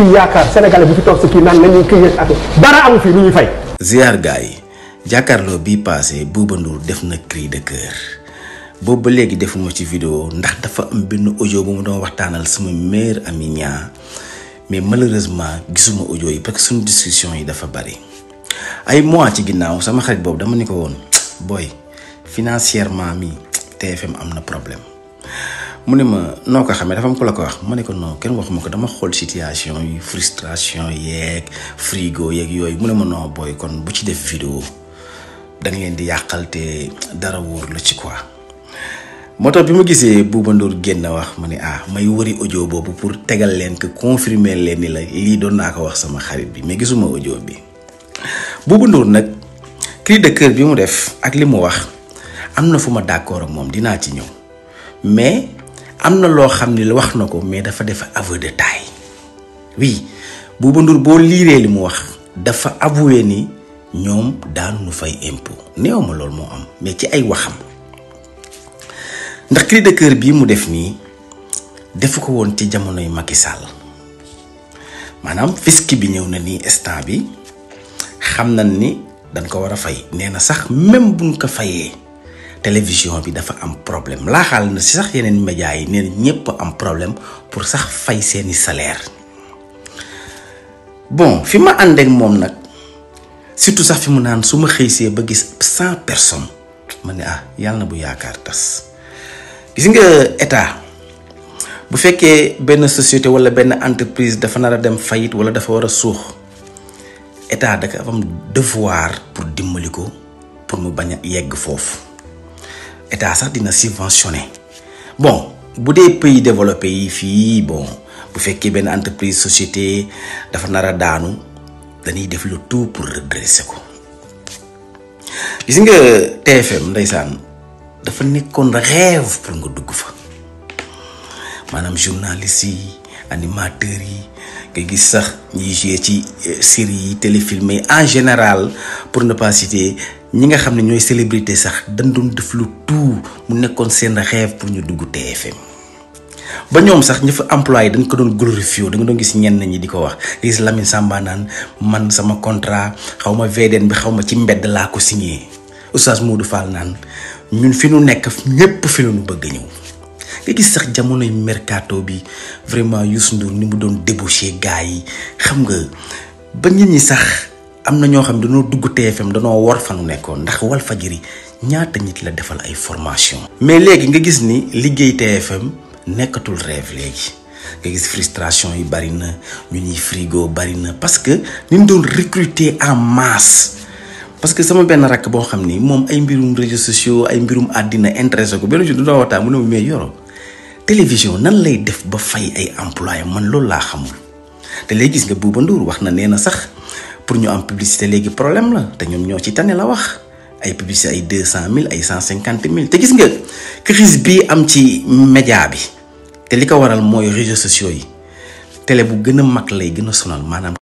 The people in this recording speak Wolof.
fi yaakaar sénégalais bi fi toog si kii naan nañuy këyee ak dara amu fi lu ñuy fay. ziar gars yi jàkkaarloo bi passé Bouba Ndour def na cri de cœur boobu ba léegi defuma ci video ndax dafa am benn audio bu mu doon waxtaanal suma meilleur ami ñaa mais malheureusement gisuma audio yi parce que suñu discussion yi dafa bari ay mois ci ginnaaw sama xarit boobu dama ni ko woon booy financièrement mi TFM am na problème. mu ne ma noo ko xamee dafa am ko la ko wax ma ne ko non kenn waxuma ko dama xool situation yi frustration yeeg frigo yeeg yooyu mu ne ma non booy kon bu ci def vidéo da nga leen di yàqal te dara wóor la ci quoi. moo tax bi ma gisee Bouba Ndour génn wax ma ne ah may wëri audio boobu pour tegal leen que confirmer leen ni la lii doon naa ko wax sama xarit bi may gisuma audio bi Bouba Ndour nag cri de cœur bi mu def ak li mu wax am na fu ma d'accord ak moom dinaa ci ñëw am lo xamni la ni wax nako ko mais dafa def aveu de taille bu bu Ndour bo liiree li mu wax dafa avoué ni ñom daanu nu fay impôt néew lool mo am mais ci ay waxam ndax cri de cœur bi mu def ni defu ko won ci jamonoy Macky Sall manam fiski bi ñew na ni instant bi xam nañ ni dañ ko wara fay neena sax même buñ ko fayé télévision bi dafa am problème xal na si sax yeneen média yi ne ñëpp am problème pour sax fay seeni salaire bon fi ma momnak ak moom nag surtout sax fi mu naan su ma xëysee ba gis cent personnes ma ah yàlla na bu yaakaar tas gis nga état bu fekkee benn société wala benn entreprise dafa nar a dem fayit wala dafa war a suux état daka am devoir pour dimbali ko pour mu bañ yegg foofu ça sax dina subventionné bon vous des pays développés, yi fii bon vous faites une entreprise société dafa nar un daanu vous def tout pour redresser ko gis nga TFM ndeysaan dafa nekkoon rêve pour nous de fa Madame journaliste animateur, animateurs yi nga gis sax ñiy euh, série téléfilmé, en général pour ne pas citer ñi nga xam ñoy célébrité sax dañ doon def lu tout mu nekkon seen rêve pour ñu dugg TFM ba ñom sax ñi fa employé dañ ko doon glorifio da nga doon gis ñen ñi di wax di gis Lamine Samba nan man sama contrat xawma VDN bi xawma ci mbedd la ko signé Oustaz Modou Fall nan ñun fi ñu nekk ñepp fi ñu bëgg ñew nga gis sax jamono mercato bi vraiment Youssou Ndour ni mu doon débauché gaay yi xam nga ba ñi sax am na ñoo xam dañoo dugg TFM dañoo war fanu nekkoon ndax Walfadjri ñaata nit la defal ay formation mais léegi nga gis ni liggéey TFM nekkatul rêve léegi nga gis frustration yi bari na ñu ñuy frigo bari na parce que ni ñu doon recruter en masse parce que sama benn rakk boo xam ni moom ay mbirum réseaux sociaux ay mbirum àddina intéressé ko benn jour du doon waxtaan mu ne mais yoro télévision nan lay def ba fay ay employé man loolu laa xamul te léegi gis nga Bouba Ndour wax na nee na sax. pour ñu am publicité léegi problème la te ñoom ñoo ci tane la wax ay publicité ay deux cent mille ay cent cinquante mille te gis nga crise bii am ci média bi te li ko waral mooy réseaux sociaux yi télé bu gën a mag lay gën a sonal maanaam.